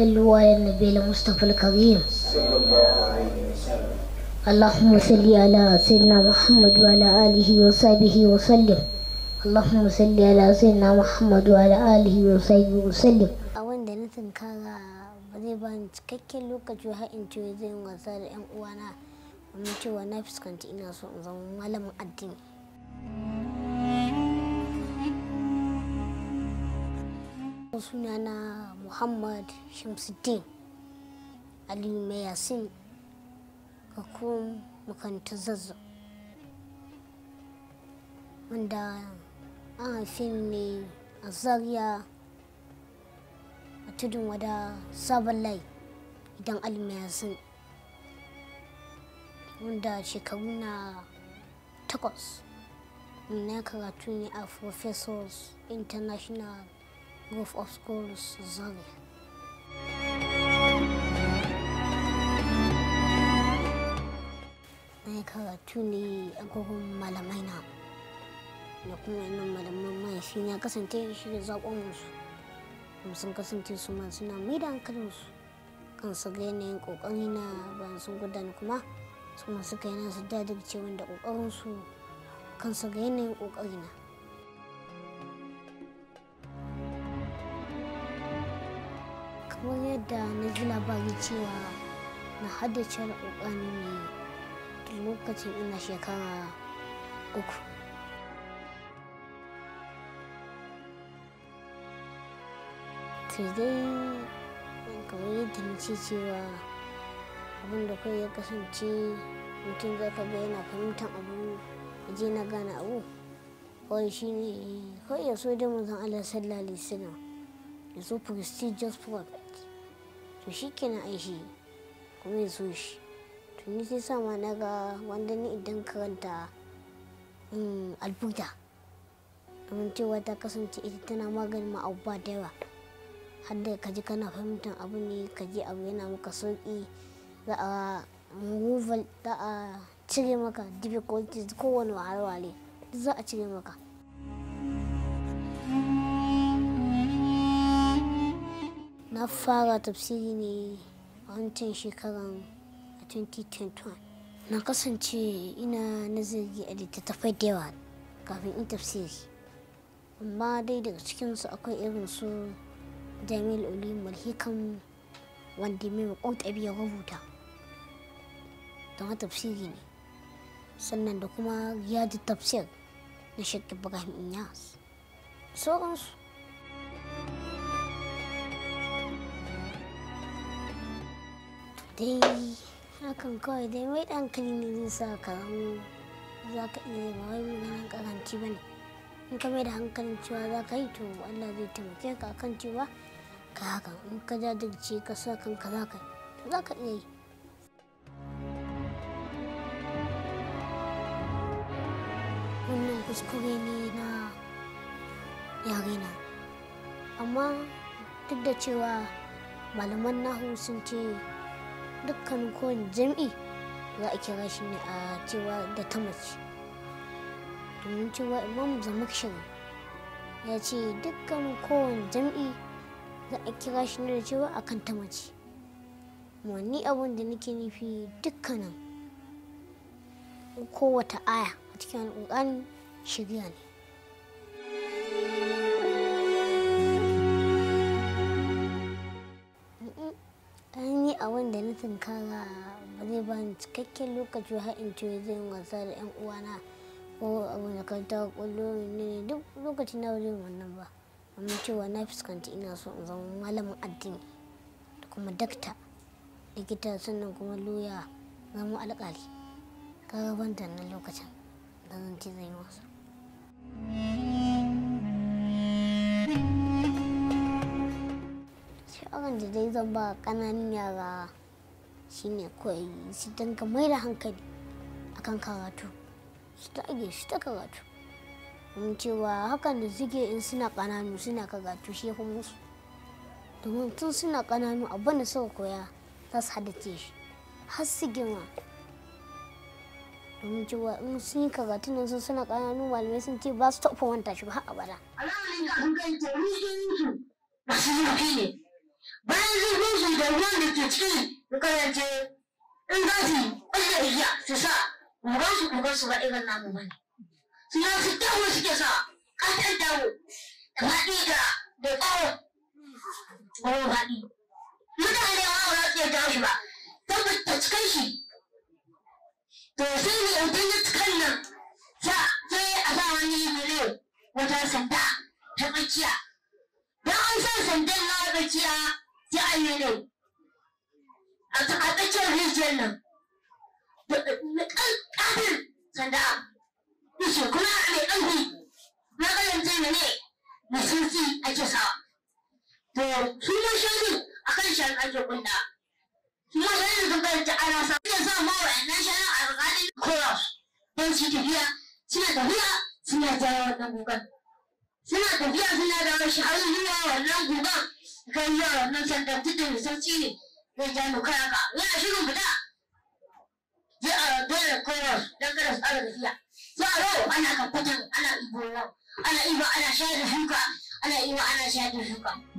صلوا على النبي المصطفى الكريم اللهم صل على سيدنا محمد وعلى آله وصحبه وسلم اللهم صل على سيدنا محمد وعلى آله وصحبه وسلم أولا da na tunkara ba zai ba cikakken lokaci har in ce zai wasa da 'yan uwana domin cewa na fuskanci ina so in zama malamin addini. suna sunana muhammad shamsuddin aliyu mai yasin ga kuma makanta wanda an haife ne a zaria a tudun wada sabon lai idan mai yasin wanda shekaru na takwas na karatu ne a professors international Golf of Scorus Zane. Na yi karatu ne a gurin malamai na da kuma wannan malaman mai shi ya kasance shi da zaƙon musu. sun kasance su ma suna mai da hankalinsu kan su ga yanayin ƙoƙari na bayan sun gudana kuma su ma suka yi nasu dadirce wanda ƙoƙarinsu kan su ga yanayin ƙoƙari na. kamar yadda na gina labari cewa na haddace alƙur'ani ne da lokacin ina shekara uku dai kamar yadda na ce cewa abinda da ya kasance mutum zai ka yana fahimtar abu je na gane abu wani shi ne kawai ya so dai manzon Allah sallallahu alaihi wasallam ya so prestigious work to shi kenan ai shi kuma ya shi to sai sa ma na ga wanda ni idan karanta mm, albuta cewa ta kasance ita tana maganin ma'abubuwa da yawa hadda ka ji kana fahimtar abu ne ka kaji abu yana maka sauki za a removal za a cire maka difficulties kowane wahalwale za a cire maka na fara tafsiri ne a wancan shekaran 2021 na kasance ina nazari a littattafai da yawa kafin in tafsiri amma dai daga cikinsu akwai irin su jamil olin malhikan wanda mai makwautabi ya rubuta don tafsiri ne sannan da kuma riyadu tafsir na shakki ibrahim inyas sauransu dai hakan kawai dai mai dan kalili zai sa ka ramu za ka iya ba wai maganin karanci ba ne in ka mai da hankalin cewa za ka yi to allah zai taimake ka kan cewa ka hakan in ka jajirce ka sa kanka za ka to za ka iya yi wannan kuskure ne na yare yarena amma duk da cewa malaman nahu sun ce dukkanin kowane jam'i za a kira shi ne a cewa da ta mace domin cewa imam zamakshir ya ce dukkanin kowane jam'i za a kira shi ne da cewa akan ta mace ni abin da nake nufi dukkanin kowata aya a cikin al'ur'ani shirya ne A wanda na tunkara zai ba ni cikakken lokaci har in ce zai wasa da 'yan uwana ko abin da kanta kwallo ne duk lokaci na zai wannan ba amma cewa na fuskanci ina so in zama malamin addini da kuma dakta likita sannan kuma loya zama alƙali ka ban na lokacin da zan ce zai wasa. dai zan ba kananan yara shine koyi su dinga mai da hankali akan karatu su tage shi ta karatu domin cewa hakan da suke in suna kananu suna karatu shi kuma musu domin tun suna kananu abin da suka koya za su haddace shi har su girma domin cewa in sun yi karatu nan sun suna kananu malamai sun ce ba su taɓa wanta shi ba har abada. Alamun da kun kai tauri sun yi su ba su yi ne. bayan zurfin su da ruwan da ke ciki ya kasance in za su ɓalle igiya su sa ruwan su kukan su ba irin namu ba ne su ya su dawo suke sa ƙasar tawo da faɗi da da tsawo tsawo faɗi mutane ma ba za su iya tawo shi ba tabbata cikin shi to sai ne idan ya cikin nan sa sai a sa wani miliyan wata sa ra'ayi ne a tsakiyar rijiyar nan da ƙarfin sanda ishe kuma mai ƙarfi na ƙarfin ne na sarki ake sa to su ma shari a kan shari ake kunda su ma shari da karanta ana sa ake sa ma wa'annan shari a rikalin koyos don su tafiya suna tafiya suna jawo wannan gugan suna tafiya suna don yaran nan sandanci da sarki ne zai ja mu Ya ka ya shirin fita zai a dole kowa don kada su ara tafiya yaro ana kamfatan ana ibo ana ibo ana shayar da shuka ana ibo ana shayar da shuka